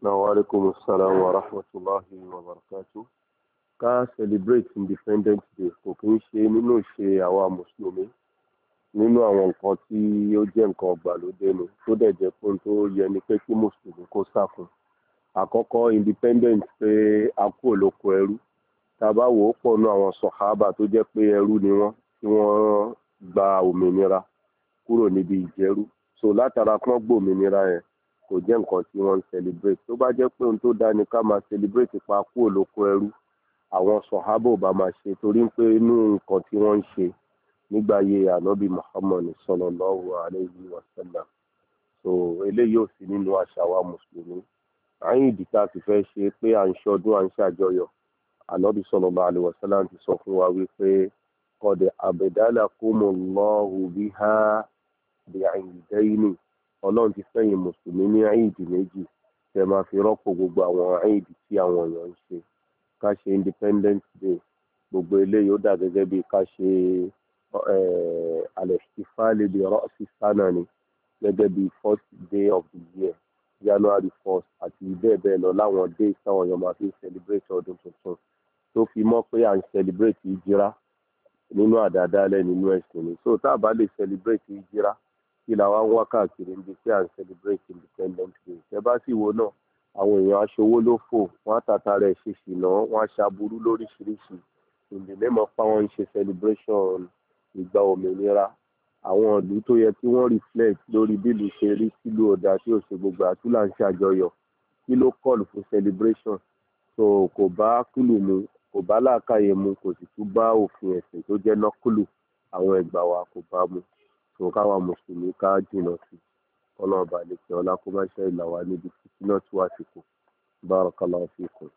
Assalamu alaikum wa rahmatullahi wa barakatuh. Ká celebrate Independence Day kò kí ń ṣe nínú ìṣe àwa Mùsùlùmí nínú àwọn nǹkan tí ó jẹ́ nǹkan ọ̀gbàlódé ni tó dẹ̀ jẹ́ pé tó yẹ ni pé kí Mùsùlùmí kó sàkún. Àkọ́kọ́ Independence pé a kúrò lóko ẹrú. Tá a bá wò ó pọ̀ nú àwọn sọ̀hábà tó jẹ́ pé ẹrú ni wọ́n tí wọ́n gba òmìnira kúrò níbi ìjẹ́rú. So látara kán gbòmìnira yẹn kò jẹ́ nǹkan tí wọ́n ń celebrate tó bá jẹ́ pé ohun tó dáa ni ká máa celebrate pa kúrò lóko ẹrú àwọn sọ̀hábò bá máa ṣe torí pé inú nǹkan tí wọ́n ń ṣe nígbà ayé ànábì Muhammad sallallahu alayhi wa sallam so eléyìí ò sí nínú àṣà wa mùsùlùmí àyìn ìdí tá a ti fẹ́ ṣe pé à ń ṣọdún à ń ṣàjọyọ̀ ànábì sallallahu alayhi wa sallam ti sọ fún wa wípé qad abdalakumullahu biha bi'idayni ọlọ́run ti fẹ̀yìn mùsùlùmí ní àìdì méjì tẹ máa fi rọ́pò gbogbo àwọn àìdì tí àwọn èèyàn ń ṣe ká ṣe independent day gbogbo eléyìí ó dà gẹ́gẹ́ bíi ká ṣe eh, alẹ́sífáàlì bíi rọ́ọ̀sì sánà ni gẹ́gẹ́ bíi first day of the year january first àti bẹ́ẹ̀ bẹ́ẹ̀ lọ láwọn days táwọn èèyàn máa fi ń celebrate ọdún tuntun tó fi mọ́ pé à ń celebrate ìjírá nínú àdáadáa lẹ́ nínú ẹ̀sìn ni so tá a bá lè celebrate ìjírá kí la wá ń wá káàkiri níbi tí à ń celebrate independent day ẹ bá sì wo náà àwọn èèyàn aṣòwò ló fò wọn àtàtà rẹ ṣe ṣìnà wọn aṣaburú lóríṣiríṣi ìlú mẹ́mọ́ pa wọn ń ṣe celebration ìgbà òmìnira àwọn ìlú tó yẹ kí wọ́n reflect lórí bílù ṣe rí sílùú ọ̀dà tí ò ṣe gbogbo àtúlà ń ṣàjọyọ̀ kí ló kọ́ọ̀lù fún celebration so kò bá kúlù mu kò bá làákàyè mu kò sì tún bá òfin ẹ̀sìn tó jẹ́ nọ́kúlù àwọn ẹgbàá wa kò bá mu so káwa mùsùlùmí ká jìnnà sí kọ́lọ́ọ̀bà lè kí ọlá kó má ṣe ìlà wa níbi títí náà tí wàá ti kù barakallahu fikum.